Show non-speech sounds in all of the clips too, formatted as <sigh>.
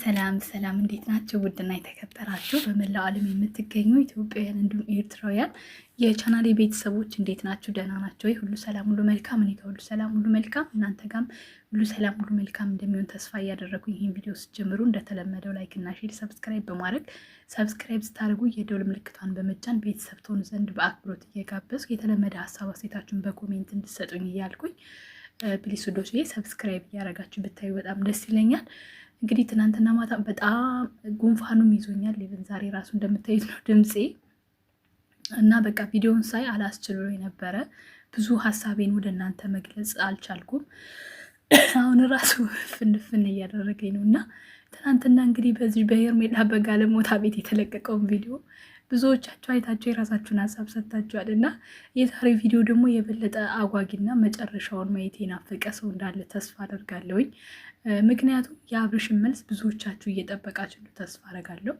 ሰላም ሰላም፣ እንዴት ናቸው? ውድና የተከበራችሁ በመላው ዓለም የምትገኙ ኢትዮጵያውያን እንዲሁም ኤርትራውያን የቻናሌ ቤተሰቦች እንዴት ናቸው ደህና ናቸው ወይ? ሁሉ ሰላም፣ ሁሉ መልካም። እኔ ጋር ሁሉ ሰላም፣ ሁሉ መልካም። እናንተ ጋም ሁሉ ሰላም፣ ሁሉ መልካም እንደሚሆን ተስፋ እያደረኩኝ ይህን ቪዲዮ ስትጀምሩ እንደተለመደው ላይክ እና ሼር፣ ሰብስክራይብ በማድረግ ሰብስክራይብ ስታደርጉ የደውል ምልክቷን በመጫን ቤተሰብ ትሆኑ ዘንድ በአክብሮት እየጋበዝኩ የተለመደ ሀሳብ አስተያየታችሁን በኮሜንት እንድሰጡኝ እያልኩኝ ፕሊስ ውዶች ሰብስክራይብ እያደረጋችሁ ብታዩ በጣም ደስ ይለኛል። እንግዲህ ትናንትና ማታ በጣም ጉንፋኑም ይዞኛል። ሌብን ዛሬ ራሱ እንደምታዩት ነው ድምፄ እና በቃ ቪዲዮውን ሳይ አላስችሎ የነበረ ብዙ ሀሳቤን ወደ እናንተ መግለጽ አልቻልኩም። አሁን ራሱ ፍንፍን እያደረገኝ ነው እና ትናንትና እንግዲህ በዚህ በሄርሜላ በጋለሞታ ቤት የተለቀቀውን ቪዲዮ ብዙዎቻችሁ አይታችሁ የራሳችሁን ሀሳብ ሰጥታችኋል እና የዛሬ ቪዲዮ ደግሞ የበለጠ አጓጊና መጨረሻውን ማየት የናፈቀ ሰው እንዳለ ተስፋ አደርጋለሁኝ። ምክንያቱም የአብርሽን መልስ ብዙዎቻችሁ እየጠበቃችሁ ተስፋ አደርጋለሁ።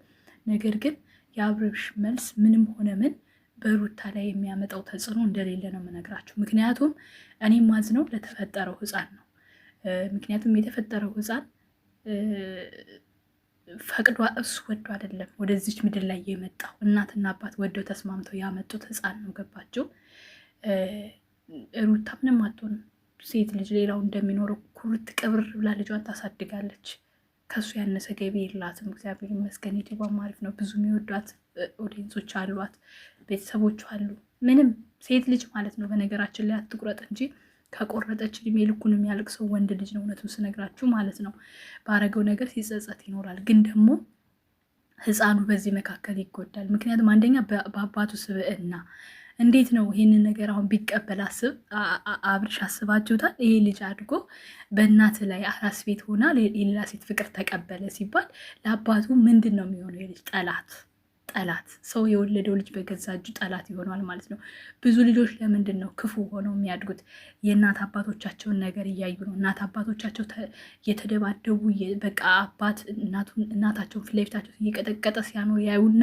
ነገር ግን የአብርሽ መልስ ምንም ሆነ ምን በሩታ ላይ የሚያመጣው ተጽዕኖ እንደሌለ ነው የምነግራችሁ። ምክንያቱም እኔ ማዝነው ለተፈጠረው ህፃን ነው። ምክንያቱም የተፈጠረው ህፃን። ፈቅዷ እሱ ወዶ አይደለም ወደዚች ምድር ላይ የመጣው እናትና አባት ወደው ተስማምተው ያመጡት ህፃን ነው። ገባችው? ሩታ ምንም አትሆንም። ሴት ልጅ ሌላው እንደሚኖረው ኩርት ቅብር ብላ ልጇን ታሳድጋለች። ከሱ ያነሰ ገቢ የላትም። እግዚአብሔር ይመስገን። የቲቧም አሪፍ ነው። ብዙ የሚወዷት ኦዲየንሶች አሏት፣ ቤተሰቦች አሉ። ምንም ሴት ልጅ ማለት ነው። በነገራችን ላይ አትቁረጥ እንጂ ከቆረጠች እድሜ ልኩን የሚያልቅ ሰው ወንድ ልጅ ነው። እውነቱን ስነግራችሁ ማለት ነው። ባረገው ነገር ሲጸጸት ይኖራል። ግን ደግሞ ህፃኑ በዚህ መካከል ይጎዳል። ምክንያቱም አንደኛ በአባቱ ስብዕና እንዴት ነው ይህንን ነገር አሁን ቢቀበል አስብ አብርሽ አስባችሁታል? ይሄ ልጅ አድጎ በእናት ላይ አራስ ቤት ሆና የሌላ ሴት ፍቅር ተቀበለ ሲባል ለአባቱ ምንድን ነው የሚሆነው? የልጅ ጠላት ጠላት ሰው የወለደው ልጅ በገዛ እጁ ጠላት ይሆናል ማለት ነው። ብዙ ልጆች ለምንድን ነው ክፉ ሆነው የሚያድጉት? የእናት አባቶቻቸውን ነገር እያዩ ነው። እናት አባቶቻቸው የተደባደቡ በቃ አባት እናታቸውን ፊት ለፊታቸው እየቀጠቀጠ ሲያኖር ያዩና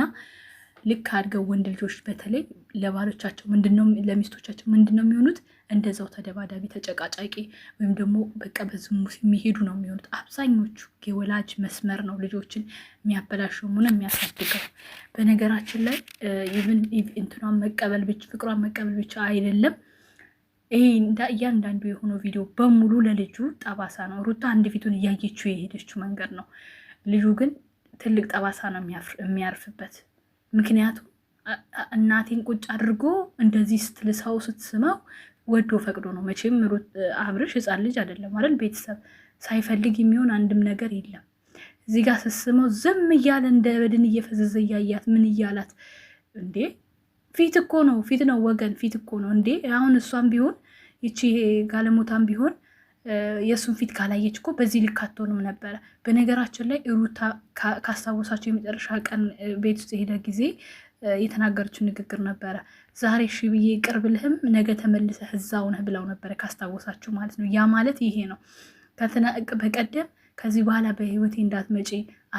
ልክ አድገው ወንድ ልጆች በተለይ ለባሎቻቸው ምንድነው ለሚስቶቻቸው ምንድነው የሚሆኑት? እንደዛው ተደባዳቢ፣ ተጨቃጫቂ ወይም ደግሞ በቃ በዝሙት የሚሄዱ ነው የሚሆኑት አብዛኞቹ። የወላጅ መስመር ነው ልጆችን የሚያበላሸውም ሆነ የሚያሳድገው። በነገራችን ላይ ኢቭን እንትኗን መቀበል ብቻ ፍቅሯን መቀበል ብቻ አይደለም። ይሄ እያንዳንዱ የሆነው ቪዲዮ በሙሉ ለልጁ ጠባሳ ነው። ሩታ አንድ ፊቱን እያየችው የሄደችው መንገድ ነው። ልጁ ግን ትልቅ ጠባሳ ነው የሚያርፍበት። ምክንያቱ እናቴን ቁጭ አድርጎ እንደዚህ ስትል ሰው ስትስመው ወዶ ፈቅዶ ነው። መቼም አብርሽ ህፃን ልጅ አይደለም አይደል? ቤተሰብ ሳይፈልግ የሚሆን አንድም ነገር የለም። እዚህ ጋር ስትስመው ዝም እያለ እንደ በድን እየፈዘዘ እያያት ምን እያላት እንዴ! ፊት እኮ ነው ፊት ነው ወገን ፊት እኮ ነው እንዴ! አሁን እሷም ቢሆን ይቺ ጋለሞታም ቢሆን የእሱን ፊት ካላየች እኮ በዚህ ልክ አትሆንም ነበረ። በነገራችን ላይ ሩታ ካስታወሳቸው የመጨረሻ ቀን ቤት ውስጥ የሄደ ጊዜ የተናገረችው ንግግር ነበረ። ዛሬ ሺ ብዬ ቅርብልህም ነገ ተመልሰህ እዛው ነህ ብለው ነበረ፣ ካስታወሳችሁ ማለት ነው። ያ ማለት ይሄ ነው። በቀደም ከዚህ በኋላ በህይወቴ እንዳትመጪ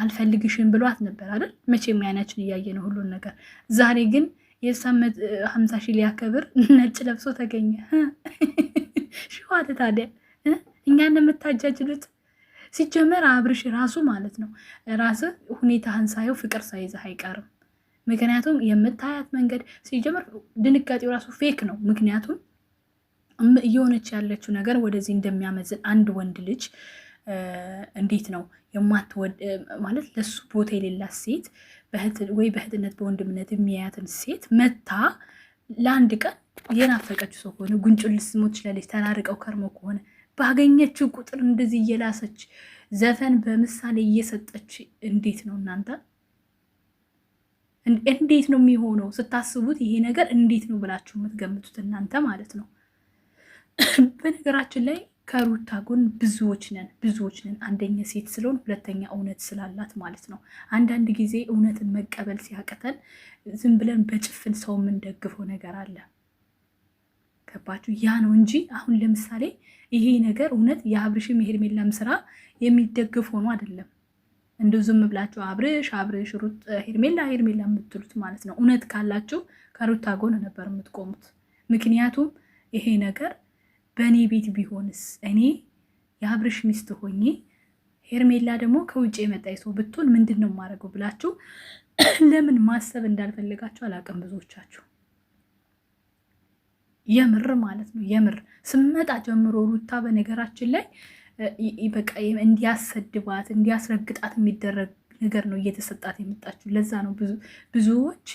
አልፈልግሽም ብሏት ነበር አይደል? መቼም አይናችን እያየ ነው ሁሉን ነገር። ዛሬ ግን የሳመት ሀምሳ ሺ ሊያከብር ነጭ ለብሶ ተገኘ። <laughs> ሸዋት ታዲያ እኛን የምታጃጅሉት ሲጀመር አብርሽ ራሱ ማለት ነው። ራስ ሁኔታህን ሳየው ፍቅር ሳይዝህ አይቀርም። ምክንያቱም የምታያት መንገድ ሲጀመር ድንጋጤው ራሱ ፌክ ነው። ምክንያቱም እየሆነች ያለችው ነገር ወደዚህ እንደሚያመዝን አንድ ወንድ ልጅ እንዴት ነው የማትወድ ማለት ለሱ ቦታ የሌላት ሴት ወይ በእህትነት በወንድምነት የሚያያትን ሴት መታ ለአንድ ቀን የናፈቀችው ሰው ከሆነ ጉንጩን ልስሞ ትችላለች። ተራርቀው ከርሞ ከሆነ ባገኘችው ቁጥር እንደዚህ እየላሰች ዘፈን በምሳሌ እየሰጠች እንዴት ነው እናንተ? እንዴት ነው የሚሆነው? ስታስቡት ይሄ ነገር እንዴት ነው ብላችሁ የምትገምቱት እናንተ ማለት ነው። <clears throat> በነገራችን ላይ ከሩታ ጎን ብዙዎች ነን ብዙዎች ነን። አንደኛ ሴት ስለሆን፣ ሁለተኛ እውነት ስላላት ማለት ነው። አንዳንድ ጊዜ እውነትን መቀበል ሲያቅተን ዝም ብለን በጭፍን ሰው የምንደግፈው ነገር አለ። ገባችሁ? ያ ነው እንጂ አሁን ለምሳሌ ይሄ ነገር እውነት የአብርሽም የሄርሜላም ስራ የሚደግፍ ሆኖ አይደለም። እንደ ዝም ብላችሁ አብርሽ አብርሽ ሩት ሄርሜላ ሄርሜላ የምትሉት ማለት ነው። እውነት ካላችሁ ከሩታ ጎን ነበር የምትቆሙት። ምክንያቱም ይሄ ነገር በእኔ ቤት ቢሆንስ እኔ የአብርሽ ሚስት ሆኜ ሄርሜላ ደግሞ ከውጭ የመጣ ሰው ብትሆን ምንድን ነው የማደርገው ብላችሁ ለምን ማሰብ እንዳልፈለጋችሁ አላውቅም ብዙዎቻችሁ የምር ማለት ነው። የምር ስመጣ ጀምሮ ሩታ በነገራችን ላይ በቃ እንዲያሰድባት እንዲያስረግጣት የሚደረግ ነገር ነው እየተሰጣት የመጣችው። ለዛ ነው ብዙዎች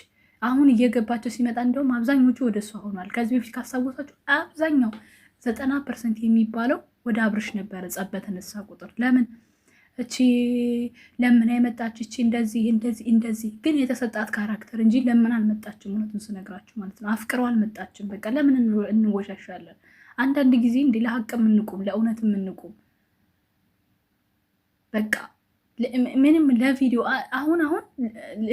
አሁን እየገባቸው ሲመጣ እንደውም አብዛኞቹ ወደ እሷ ሆኗል። ከዚህ በፊት ካስታወሳችሁ አብዛኛው ዘጠና ፐርሰንት የሚባለው ወደ አብርሽ ነበረ ጸብ በተነሳ ቁጥር ለምን እቺ ለምን የመጣች እቺ እንደዚህ እንደዚህ እንደዚህ ግን የተሰጣት ካራክተር እንጂ ለምን አልመጣችም? እውነቱን ስነግራችሁ ማለት ነው። አፍቅሮ አልመጣችም። በቃ ለምን እንወሻሻለን? አንዳንድ ጊዜ እንዲህ ለሀቅ የምንቁም ለእውነት የምንቁም በቃ ምንም ለቪዲዮ አሁን አሁን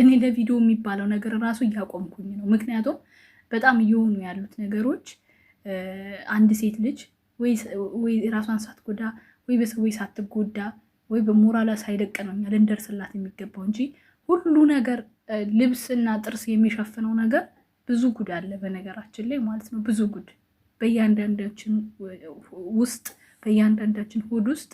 እኔ ለቪዲዮ የሚባለው ነገር እራሱ እያቆምኩኝ ነው። ምክንያቱም በጣም እየሆኑ ያሉት ነገሮች አንድ ሴት ልጅ ወይ ራሷን ሳትጎዳ ወይ በሰዎች ሳትጎዳ ወይ በሞራላ ሳይደቅ ነው እኛ ልንደርስላት የሚገባው እንጂ ሁሉ ነገር ልብስና ጥርስ የሚሸፍነው ነገር ብዙ ጉድ አለ በነገራችን ላይ ማለት ነው። ብዙ ጉድ በእያንዳንዳችን ውስጥ በእያንዳንዳችን ሆድ ውስጥ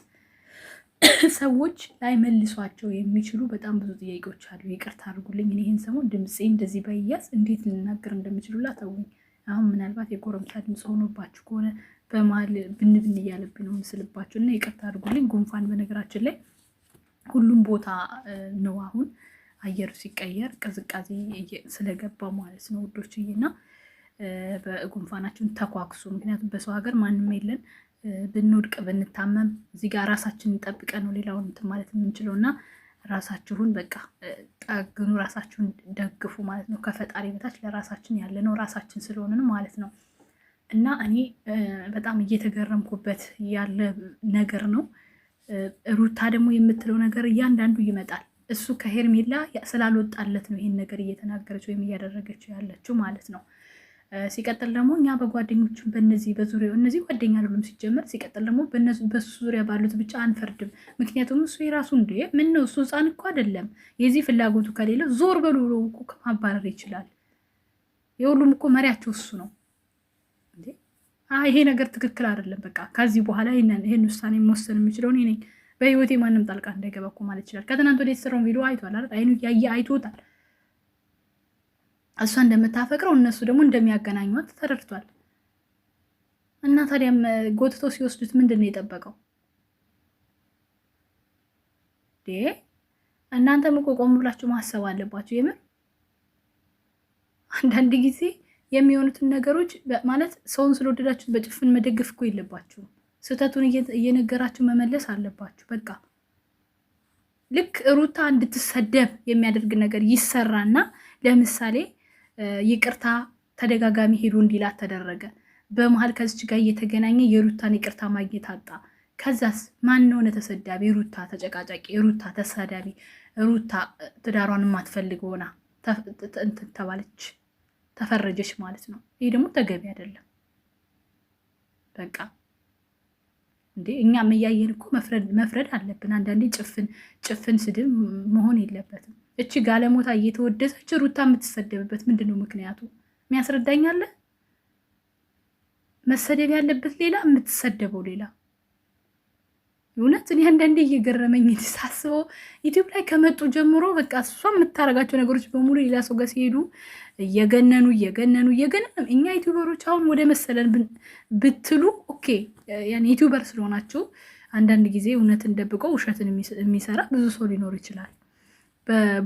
<clears throat> ሰዎች ላይ መልሷቸው የሚችሉ በጣም ብዙ ጥያቄዎች አሉ። ይቅርታ አድርጉልኝ። ይህን ሰሞን ድምፄ እንደዚህ በያዝ እንዴት ልናገር እንደምችሉላ ተውኝ። አሁን ምናልባት የጎረምሳ ድምፅ ሆኖባችሁ ከሆነ በመሀል ብንብን እያለብኝ ነው ምስልባቸው እና ይቅርታ አድርጉልኝ። ጉንፋን በነገራችን ላይ ሁሉም ቦታ ነው አሁን አየር ሲቀየር ቅዝቃዜ ስለገባ ማለት ነው ውዶችዬ። እና በጉንፋናችን ተኳክሱ። ምክንያቱም በሰው ሀገር ማንም የለን ብንወድቅ ብንታመም እዚህ ጋር ራሳችን እንጠብቀ ነው ሌላውን እንትን ማለት የምንችለው እና ራሳችሁን በቃ ጠግኑ፣ ራሳችሁን ደግፉ ማለት ነው። ከፈጣሪ በታች ለራሳችን ያለ ነው ራሳችን ስለሆንን ማለት ነው። እና እኔ በጣም እየተገረምኩበት ያለ ነገር ነው። ሩታ ደግሞ የምትለው ነገር እያንዳንዱ ይመጣል። እሱ ከሄርሜላ ስላልወጣለት ነው ይሄን ነገር እየተናገረች ወይም እያደረገችው ያለችው ማለት ነው። ሲቀጥል ደግሞ እኛ በጓደኞችን በነዚህ በዙሪያው እነዚህ ጓደኛ አይደሉም ሲጀመር። ሲቀጥል ደግሞ በሱ ዙሪያ ባሉት ብቻ አንፈርድም። ምክንያቱም እሱ የራሱ እንደ ምን ነው እሱ ህፃን እኮ አይደለም። የዚህ ፍላጎቱ ከሌለ ዞር በሉ ማባረር ይችላል። የሁሉም እኮ መሪያቸው እሱ ነው። ይሄ ነገር ትክክል አይደለም፣ በቃ ከዚህ በኋላ ይህን ውሳኔ መወሰን የሚችለውን እኔ ነኝ፣ በህይወቴ ማንም ጣልቃ እንዳይገባ እኮ ማለት ይችላል። ከትናንት ወደ የተሰራውን ቪዲዮ አይቷል አይደል? አይኑ ያየ አይቶታል። እሷ እንደምታፈቅረው እነሱ ደግሞ እንደሚያገናኟት ተረድቷል። እና ታዲያም ጎትቶ ሲወስዱት ምንድን ነው የጠበቀው? እናንተም እኮ ቆም ብላችሁ ማሰብ አለባችሁ። የምር አንዳንድ ጊዜ የሚሆኑትን ነገሮች ማለት ሰውን ስለወደዳችሁ በጭፍን መደግፍ እኮ የለባችሁ። ስህተቱን እየነገራችሁ መመለስ አለባችሁ። በቃ ልክ ሩታ እንድትሰደብ የሚያደርግ ነገር ይሰራና ለምሳሌ ይቅርታ ተደጋጋሚ ሄዱ እንዲላት ተደረገ። በመሀል ከዚች ጋር እየተገናኘ የሩታን ይቅርታ ማግኘት አጣ። ከዛስ ማን ሆነ ተሰዳቢ? ሩታ ተጨቃጫቂ፣ ሩታ ተሳዳቢ፣ ሩታ ትዳሯን የማትፈልግ ሆና ተባለች። ተፈረጀች ማለት ነው። ይሄ ደግሞ ተገቢ አይደለም። በቃ እንዴ እኛ እያየን እኮ መፍረድ አለብን። አንዳንዴ ጭፍን ጭፍን ስድብ መሆን የለበትም። እቺ ጋለሞታ እየተወደሰች ሩታ የምትሰደብበት ምንድን ነው ምክንያቱ? የሚያስረዳኝ አለ? መሰደብ ያለበት ሌላ፣ የምትሰደበው ሌላ እውነት እኔ አንዳንዴ እየገረመኝ ሳስበው ዩቲዩብ ላይ ከመጡ ጀምሮ በቃ እሷ የምታረጋቸው ነገሮች በሙሉ ሌላ ሰው ጋር ሲሄዱ እየገነኑ እየገነኑ እየገነኑ እኛ ዩቲዩበሮች አሁን ወደ መሰለን ብትሉ ኦኬ፣ ያን ዩቲዩበር ስለሆናችሁ አንዳንድ ጊዜ እውነትን ደብቀው ውሸትን የሚሰራ ብዙ ሰው ሊኖር ይችላል።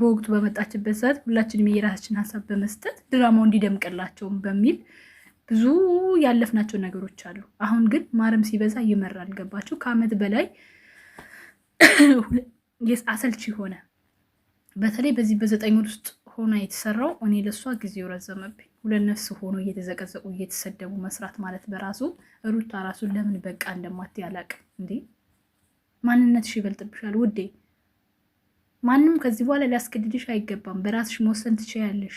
በወቅቱ በመጣችበት ሰዓት ሁላችንም የራሳችን ሀሳብ በመስጠት ድራማው እንዲደምቅላቸውም በሚል ብዙ ያለፍናቸው ነገሮች አሉ። አሁን ግን ማረም ሲበዛ ይመራል። ገባችሁ? ከአመት በላይ <coughs> አሰልች ሆነ። በተለይ በዚህ በዘጠኝ ወር ውስጥ ሆና የተሰራው እኔ ለእሷ ጊዜው ረዘመብኝ። ሁለት ነፍስ ሆኖ እየተዘቀዘቁ እየተሰደቡ መስራት ማለት በራሱ ሩታ ራሱ ለምን በቃ እንደማት ያላቅ እንዴ! ማንነትሽ ይበልጥብሻል ውዴ። ማንም ከዚህ በኋላ ሊያስገድድሽ አይገባም። በራስሽ መወሰን ትችያለሽ።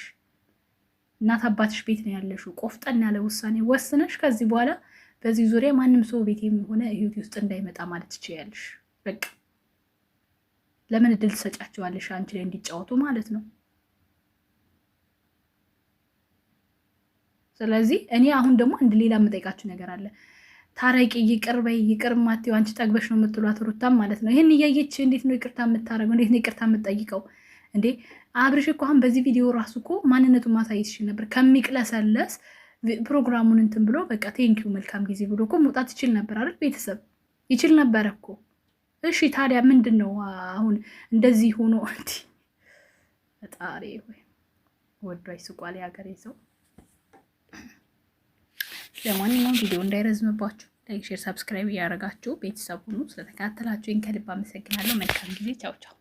እናት አባትሽ ቤት ነው ያለሽው። ቆፍጠን ያለ ውሳኔ ወስነሽ ከዚህ በኋላ በዚህ ዙሪያ ማንም ሰው ቤት የሆነ ህይወት ውስጥ እንዳይመጣ ማለት ትችያለሽ። በቃ ለምን እድል ትሰጫቸዋለሽ አንቺ ላይ እንዲጫወቱ ማለት ነው። ስለዚህ እኔ አሁን ደግሞ አንድ ሌላ የምጠይቃችሁ ነገር አለ። ታረቂ፣ ይቅር በይ፣ ይቅር ማቴው አንቺ ጠግበሽ ነው የምትሏት ሩታም ማለት ነው። ይህን እያየች እንዴት ነው ይቅርታ የምታደርገው? እንዴት ነው ይቅርታ የምጠይቀው? እንዴ አብርሽ እኮ አሁን በዚህ ቪዲዮ ራሱ እኮ ማንነቱን ማሳየት ይችል ነበር። ከሚቅለሰለስ ፕሮግራሙን እንትን ብሎ በቃ ቴንኪው መልካም ጊዜ ብሎ እኮ መውጣት ይችል ነበር አይደል? ቤተሰብ ይችል ነበረ እኮ። እሺ ታዲያ ምንድን ነው አሁን እንደዚህ ሆኖ <laughs> እንዲ ፈጣሪ ወይ ወዶ አይስቋል የሀገሬ ሰው። ለማንኛውም ቪዲዮ እንዳይረዝምባችሁ ላይክ፣ ሼር፣ ሰብስክራይብ እያደረጋችሁ ቤተሰብ ሁኑ። ስለተከታተላችሁ ከልብ አመሰግናለሁ። መልካም ጊዜ። ቻው ቻው።